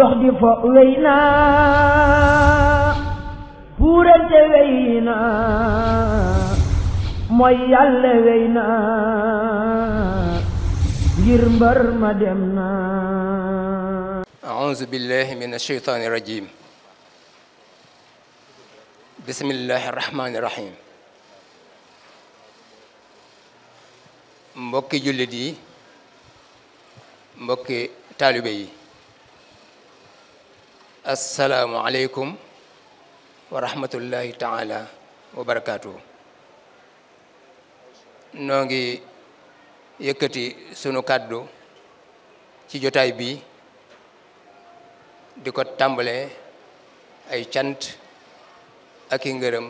dox di fo wey naa puurante wey naa mooy yàlla wey naa ngir mbër ma dem naa auzu billahi min asheytaani rajim bismillahi rahmaani rahim mbokki jullit yi mbokki taalibe yi asalaamualeykum wa rahmatullahi taala wa barakaatu. noo ngi yëkkati sunu kàddu ci jotaay bi di ko tàmbalee ay cant ak ngërëm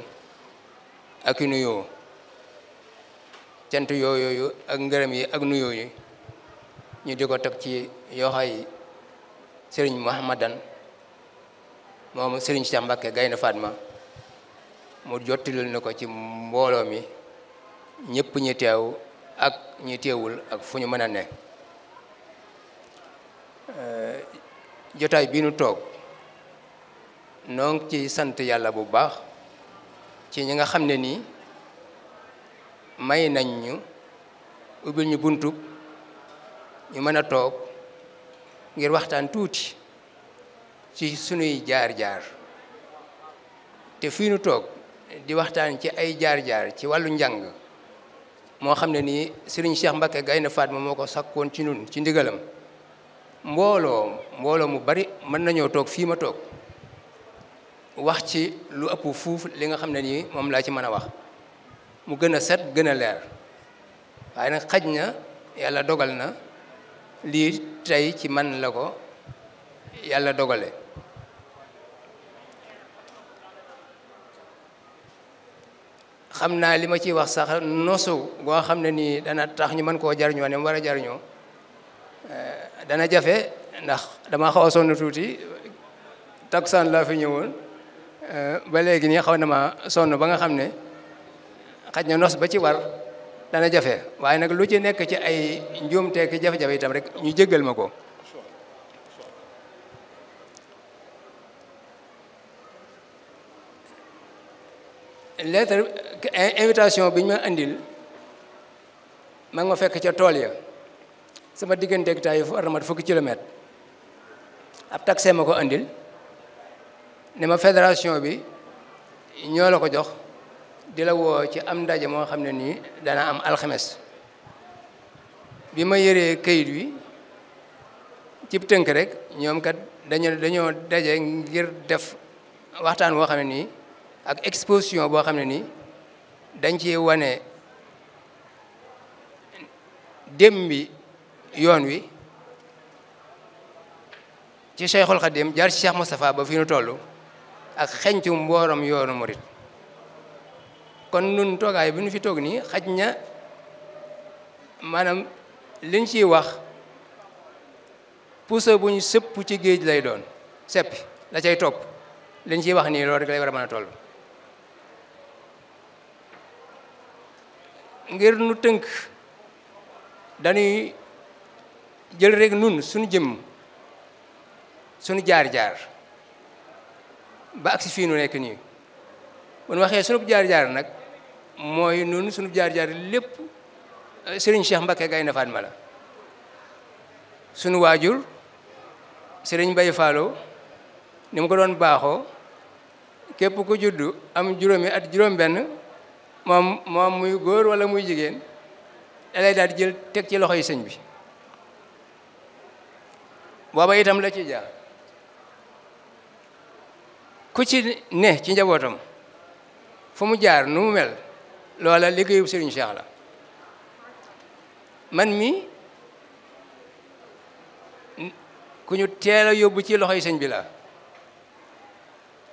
ak i nuyoo cant yooyu ak ngërëm yi ak nuyoo yi ñu di ko teg ci yoxay Sëriñ Muhammadan moom seriñ Cheikh Mbacké Gaynde Fatma mu jottilul na ko ci mbooloo mi ñëpp ñi teew ak ñi teewul ak fu ñu mën a ne euh, jotaay bi nu toog noo ci sant yàlla bu baax ci ñi nga xam ne nii may nañ ñu ubbil ñu buntub ñu mën a toog ngir waxtaan tuuti ci sunuy jaar-jaar te fii nu toog di waxtaan ci ay jaar-jaar ci wàllu njàng moo xam ne nii Serigne Cheikh Mbacke Gaynde Fatma moo ko sakkoon ci nun ci ndigalam mbooloo mbooloo mu bari mën nañoo toog fii ma toog wax ci lu ëpp fuuf li nga xam ne nii moom laa ci mën a wax mu gën a set gën a leer waaye nag xaj na yàlla dogal na lii tey ci man la ko yàlla dogale xam naa li ma ciy wax sax nosu goo xam ne nii dana tax ñu mën koo jariñoo ne mu war a jariñoo eh, dana jafe ndax dama xaw a sonn tuuti takkusaan laa fi ñëwoon eh, ba léegi nii xaw na ma sonn ba nga xam ne xaj na nos ba ci war dana jafe waaye nag lu ci nekk ci ay njuumteeg jafe-jafe itam rek ñu jéggal ma ko lettre eh, invitation bi ñu ma indil maa ma fekk ca tool ya sama diggante ak taay fu aramat fukki kilomètre ab taxi ma ko indil ne ma fédération bi ñoo la ko jox di la woo ci am ndaje moo xam ne nii dana am alxemes bi ma yëree kayit wi ci tënk rek ñoom kat dañoo daje ngir def waxtaan woo xam ne nii ak exposition boo xam ne nii dañ ci wane dem bi yoon wi ci Cheikhul Khadim jaar ci Cheikh Moustapha ba fi nu toll ak xencu mboorom yoonu murit kon nun toogaay bi nu fi toog nii xaj na maanaam liñ ciy wax puso buñ sëpp ci géej lay doon seppi la cay topp liñ ciy wax nii loolu rek lay war a ngir nu tënk dañuy jël rekk nun suñu jëm suñu jaar-jaar ba agsi fii nu nekk nii bu nu waxee sunu jaar-jaar nag mooy nun sunu jaar-jaar lépp eh, Serigne Cheikh Mbacké Gaïndé Fatma la sunu waajur Serigne Mbaye Fallo ni mu ko doon baaxoo képp ku juddu am juróomi at juróom benn moom moom muy góor wala muy jigéen da lay jël teg ci yi sëñ bi booba itam la ci jaar ku ci ne ci njabootam fu mu jaar nu mu mel loola liggéeyu ñu Cheikh la man mi ku ñu teel a yóbbu ci loxoy sëñ bi la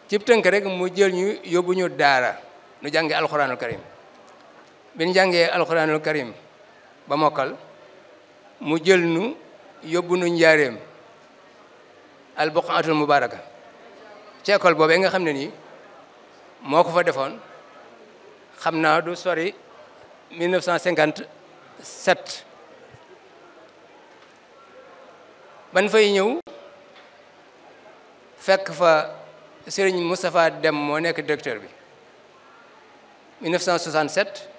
cib tënk rek mu jël ñu yóbbu ñu daara nu jàngee alxuraanul karim bi nu jàngee alxuraanul karim ba mokkal mu jël nu yóbbu nu njaareem albuqaatul mubaaraka ci école boobee nga xam ne nii moo ko fa defoon xam naa du sori 1957 ban fay ñëw fekk fa Serigne Moustapha Dem moo nekk directeur bi 1967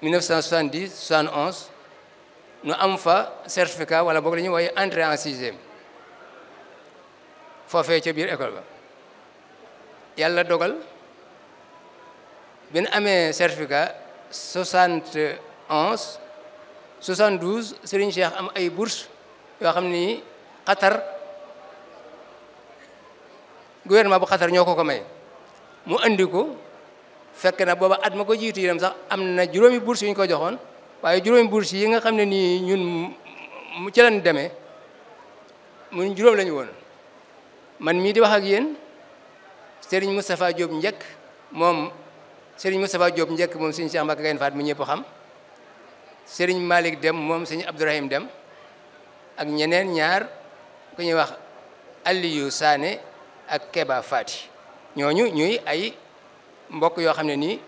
1970 71 nu am fa certificat wala boog lañuy ñuy wooye entrée en sixième foofee ca biir école ba yàlla dogal bin nu amee certificat 71 72 Serigne Cheikh am ay bourse yoo xam ni xatar gouvernement bu xatar ñoo ko ko may mu andi ko fekk na booba at ma ko jiitu itam sax am na juróomi bourse yu ko joxoon waaye juróomi bourse yi nga xam ne nii ñun ci lañ demee mun juróom lañu woon man mii di wax ak yéen Serigne Moustapha Diop njëkk moom Serigne Moustapha Diop njëkk moom Serigne Cheikh Mbacke Gaynde Fatma mu ñëpp xam Serigne Malick Dem moom Serigne Abdourahim Dem ak ñeneen ñaar ku ñuy wax Aliou saane ak Keba Fati ñooñu ñuy ay mbokk yoo xam ne nii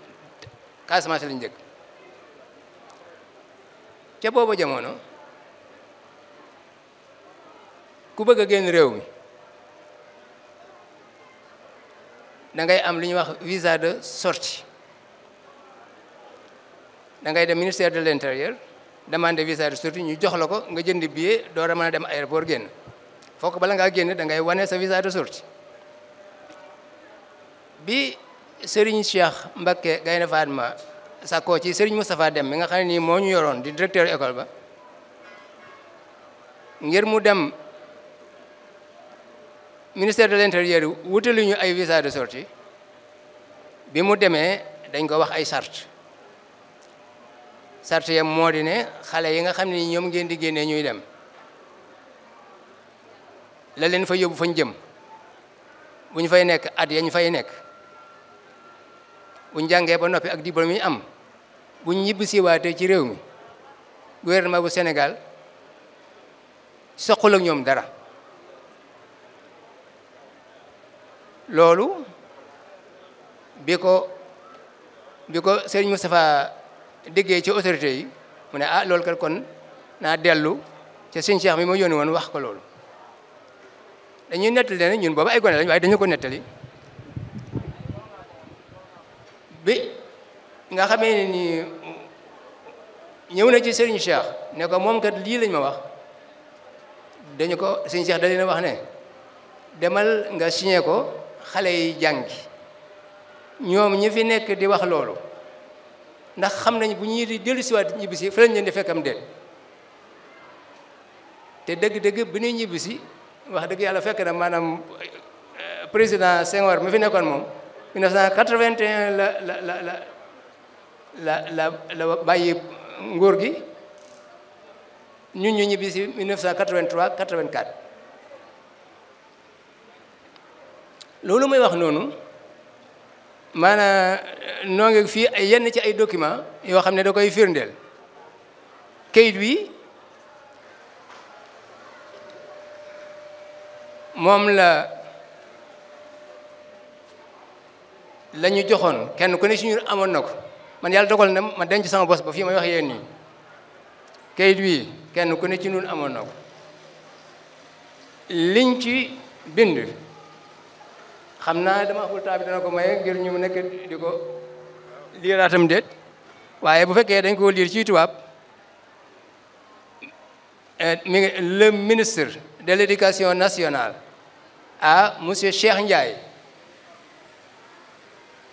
Casamance lañu dëkk ca booba jamono ku bëgg a génn réew mi da ngay am lu ñuy wax visa de sortie dangay ngay dem ministère de l'intérieur demander visa de sortie ñu jox la ko nga jënd billet doo a a dem aéroport génn fokk bala ngaa génn da ngay wane sa visa de sortie bi Serigne Cheikh Mbacké Gaïndé Fatma sàkkoo ci Serigne Moustapha Dem mi nga xam ne nii moo ñu yoroon di directeur école ba ngir mu dem ministère de l'intérieur wutali ñu ay visa de sortie bi mu demee dañ ko wax ay sart sart yam moo di ne xale yi nga xam ne ñoom ngeen di génnee ñuy dem la leen fa yóbbu fañ jëm bu ñu fay nekk at ya ñu fay nekk buñ jàngee ba noppi ak diplôme yi am bu ñibbisi waatee ci réew mi gouvernement bu Sénégal soqal ak ñoom dara loolu bi ko bi ko sëriñ Moustapha déggee ci autorité yi mu ne ah loolu kat kon naa dellu ca sëñ Cheikh mi ma yónni woon wax ko loolu dañuy nettali ne ñun boobu ay gone lañ waaye dañu ko nettali bi nga xamee ne nii ñëw na ci Serigne Cheikh ne ko moom kat lii lañ ma wax dañu ko Serigne Cheikh da leen wax ne demal nga signé ko xale yi jàngi ñoom ñi fi nekk di wax loolu ndax xam nañ bu ñuy di dellu siwaat ñibbi si fa lañ leen di fekk am déet te dëgg-dëgg bi ñuy ñibbisi wax dëgg yàlla fekk na maanaam euh, président Senghor mi fi nekkoon moom 1981 la la la la la la nguur gi ñun ñu ñibbi si 1983 84 loolu may wax noonu maanaam euh, noo ngi fii ay yenn ci ay document yoo xam ne da koy firndeel kayit wi moom la la joxoon kenn ku ne si ñun amoon na ko man yàlla dogal na ma denc sama bos ba fii may wax yéen nii kayit wii kenn ku ne ci nun amoon na ko liñ ci bind xam naa dama xul temps bi dana ko maye ngir ñu nekk di ko liiraatam déet waaye bu fekkee dañ koo liir ci tubaab eh, mi le ministre de l'éducation nationale à ah, monsieur Cheikh Ndiaye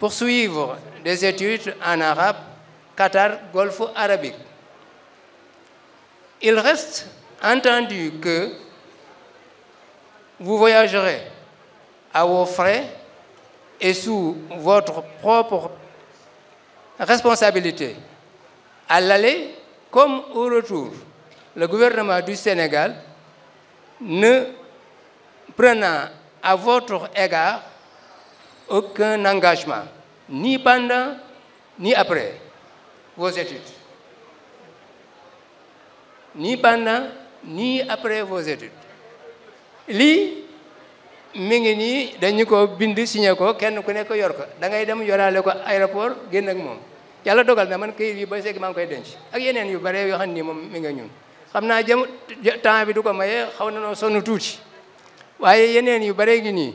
poursuivre des études en arabe, Qatar, Golfe arabique. Il reste entendu que vous voyagerez à vos frais et sous votre propre responsabilité. À l'aller comme au retour, le gouvernement du Sénégal ne prenant à votre égard aucun engagement, ni pendant, ni après vos études. Ni pendant, ni après vos études. lii mi ngi nii dañu ko bindi signé ko kenn ku nekk yor ko da ngay dem yorale ko aéroport génn ak moom yàlla dogal na man këyit yi ba seeg maa ngi koy denc ak yeneen yu bare yoo xam ni moom mi nga ñun xam naa jëm temps bi du ko maye xaw na noo sonn tuuti waaye yeneen yu bare ngi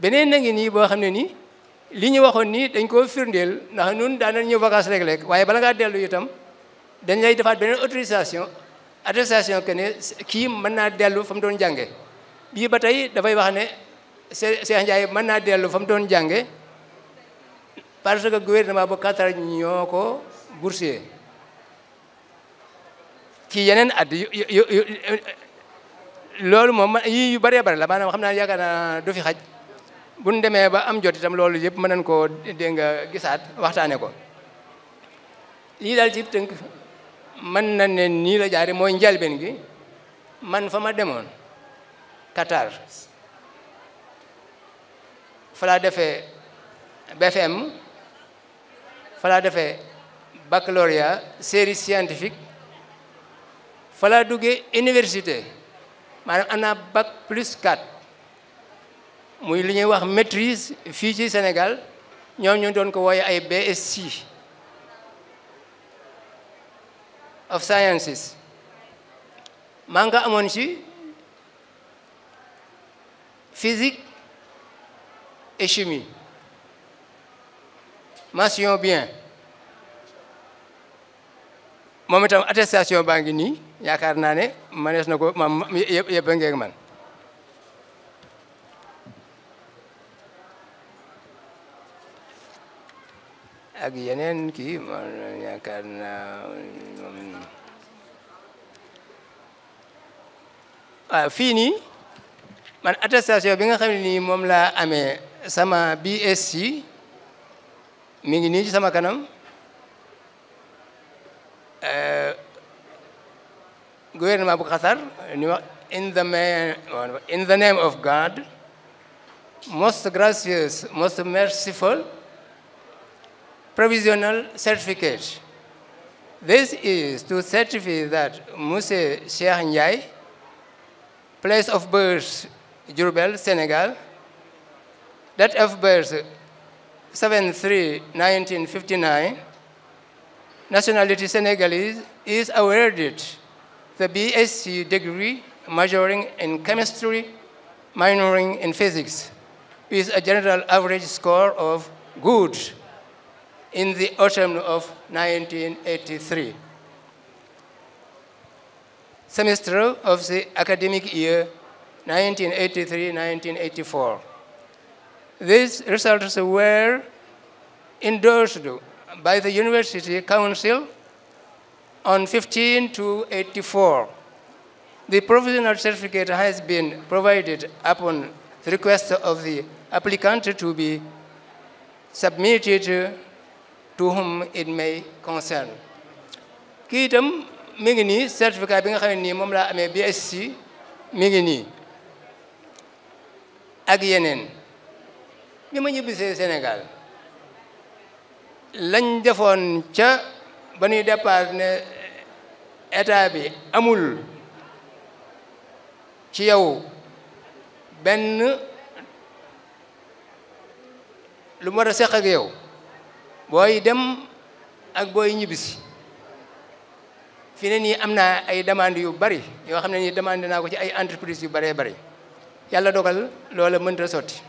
beneen na ngi nii boo xam ne nii li ñu waxoon nii dañ koo firndeel ndax ñun daan nañu ñëw vacances léeg waaye bala ngaa dellu itam dañ lay defaat beneen autorisation attestation que ne kii mën naa dellu fa mu doon jànge bii ba tey dafay wax ne Cheikh Ndiaye mën naa dellu fa mu doon jànge parce que gouvernement bu Qatar ñoo ko boursier ci yeneen at yu loolu moom yi yu bëree bëri la maanaam xam naa yaakaar naa du fi xaj bu ñu demee ba am jot itam loolu yëpp mën nañ koo dénga gisaat waxtaane ko lii daal ci tënk mën na ne nii la jaare mooy njalbeen gi man fa ma demoon Qatar fa defee BFM falaa defee baccalauréat série scientifique fa laa duggee université maanaam ana bac plus 4 muy li ñuy wax maîtrise fii ci Sénégal ñoom ñu doon ko wooye ay BSc of sciences maa nga amoon ci physique et chimie mention bien moom itam attestation baa ngi nii yaakaar naa ne manees na ko ma ngeeg man ak yeneen kii man yaakaar naa waaw ah, fii nii man attestation bi nga xam ne nii moom laa amee sama BSc mi ngi nii ci sama kanam eh, gouvernement bu Qatar ñu wax in in the name of God most gracious most merciful provisional certificate. This is to certify that Monsieur Cheikh Ndiaye, place of birth Diourbel, Senegal, date of birth nationality Senegalese, is awarded the BSc degree majoring in chemistry, minoring in physics, with a general average score of good in the autumn of Semester of the academic year These results were endorsed by the University Council on The provisional certificate has been provided upon the request of the applicant to be submitted to whom it may concern kii itam mi ngi nii certificat bi nga xam ne nii moom laa amee BSc mi ngi nii ak yeneen bi ma ñibbisee Sénégal lañ defoon ca ba ñuy départ ne état bi amul ci yow benn lu mu war a seq ak yow booy dem ak booy ñibbisi fi ne nii am naa ay demande yu bari yoo xam ne nii demande naa ko ci ay entreprise yu baree bari yàlla dogal loola mënta sotti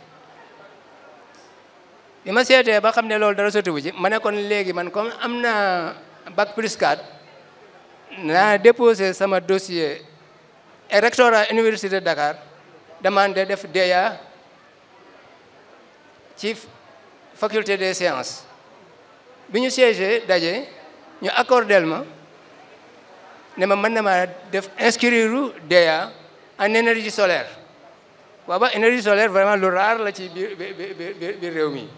bi ma seete ba xam ne loolu dara sotti wu ci ma ne kon léegi man comme am naa bac plus 4 naa déposé sama dossier rectorat université de Dakar demande def DEA ci faculté de sciences bi ñu siégé daje ñu accordel ma ne ma mën na ma def inscrire DEA en énergie solaire waaba énergie solaire vraiment lu rare la ci biir biir réew mi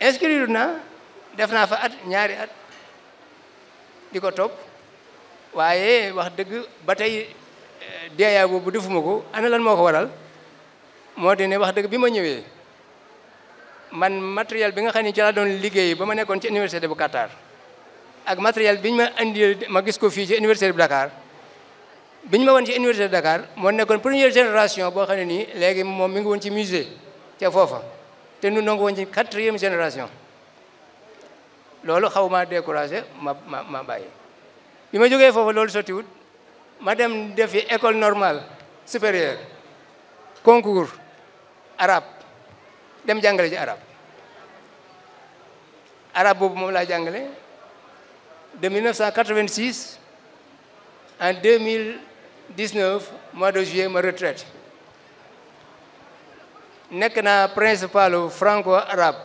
inscrire na def naa fa at ñaari at di ko topp waaye wax dëgg ba tey eh, DEA boobu defuma ko ana lan moo ko waral moo di wax dëgg bi ma ñëwee man matériel bi nga xam ne ci laa doon liggéey ba ma nekkoon ci université bu Qatar ak matériel biñ ma indi ma gis ko fii ci université bu Dakar biñ ma woon ci université bu Dakar moo nekkoon première génération boo xam ne nii léegi moom mi ngi woon ci musée ca foofa te ñun noo ngi woon ci quatrième génération loolu xaw ma découragé ma ma ma bàyyi. bi ma jógee foofa loolu sottiwut ma dem defi école normal supérieure concours arabe. dem jàngale ji arab arab boobu moom laa jàngale de 1986 en 2019 mois de juillet ma retraite nekk na principalu franco arabe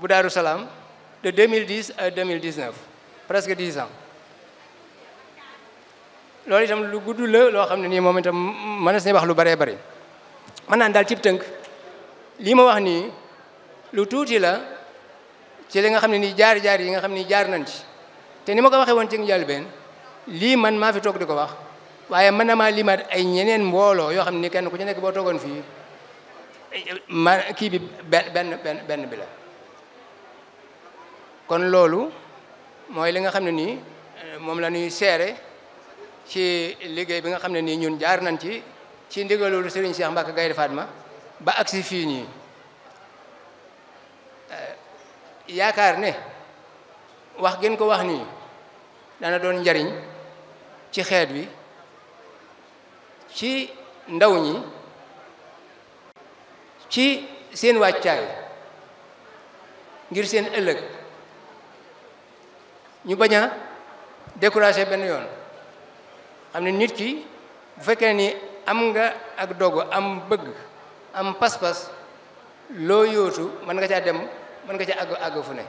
bu Daaru Salaam de 2010 à 2019 presque 10 ans loolu itam lu gudd la loo xam ne nii moom itam mënees nañu wax lu bëree bëri mën naan daal cib lii ma wax nii lu tuuti la ci li nga xam ne nii jaar jaar yi nga xam ni jaar nañ ci te ni ma ko waxee woon ci njëlbeen lii man maa fi toog di ko wax waaye mën na maa limaat ay ñeneen mbooloo yoo xam ni kenn ku ci nekk boo toogoon fii ma kii bi benn benn benn kon loolu mooy li nga xam ne nii eh, moom la ñuy seere ci liggéey bi nga xam ne nii ñun jaar nañ ci ci loolu ndigalul Serigne Cheikh Mbacke faat ma ba agsi fii nii eh, yaakaar ne wax gën ko wax nii dana doon njariñ ci xeet wi ci ndaw ñi ci seen wàccaay ngir seen ëllëg ñu bañ a découragé benn yoon xam ne nit ki bu fekkee ni am nga ak dogu am bëgg am pas-pas loo yootu mën nga caa dem mën nga caa àgg àgg ne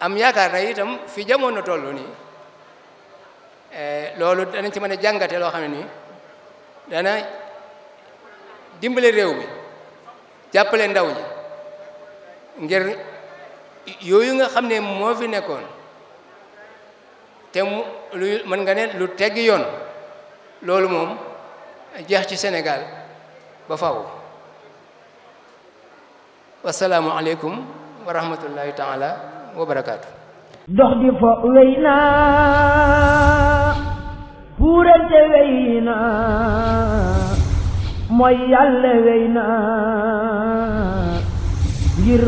am yaakaar na itam fi jamono toll nii eh, loolu danañ ci mën a jàngate loo xam ne nii dana dimbale réew mi jàppale ndaw ñi ngir yooyu nga xam ne moo fi nekkoon te mu lu mën nga ne lu tegg yoon loolu moom jeex ci Sénégal ba faw aleykum wa taala wa barakaatu fo wey naa puurante wey naa mooy yàlla wey naa ngir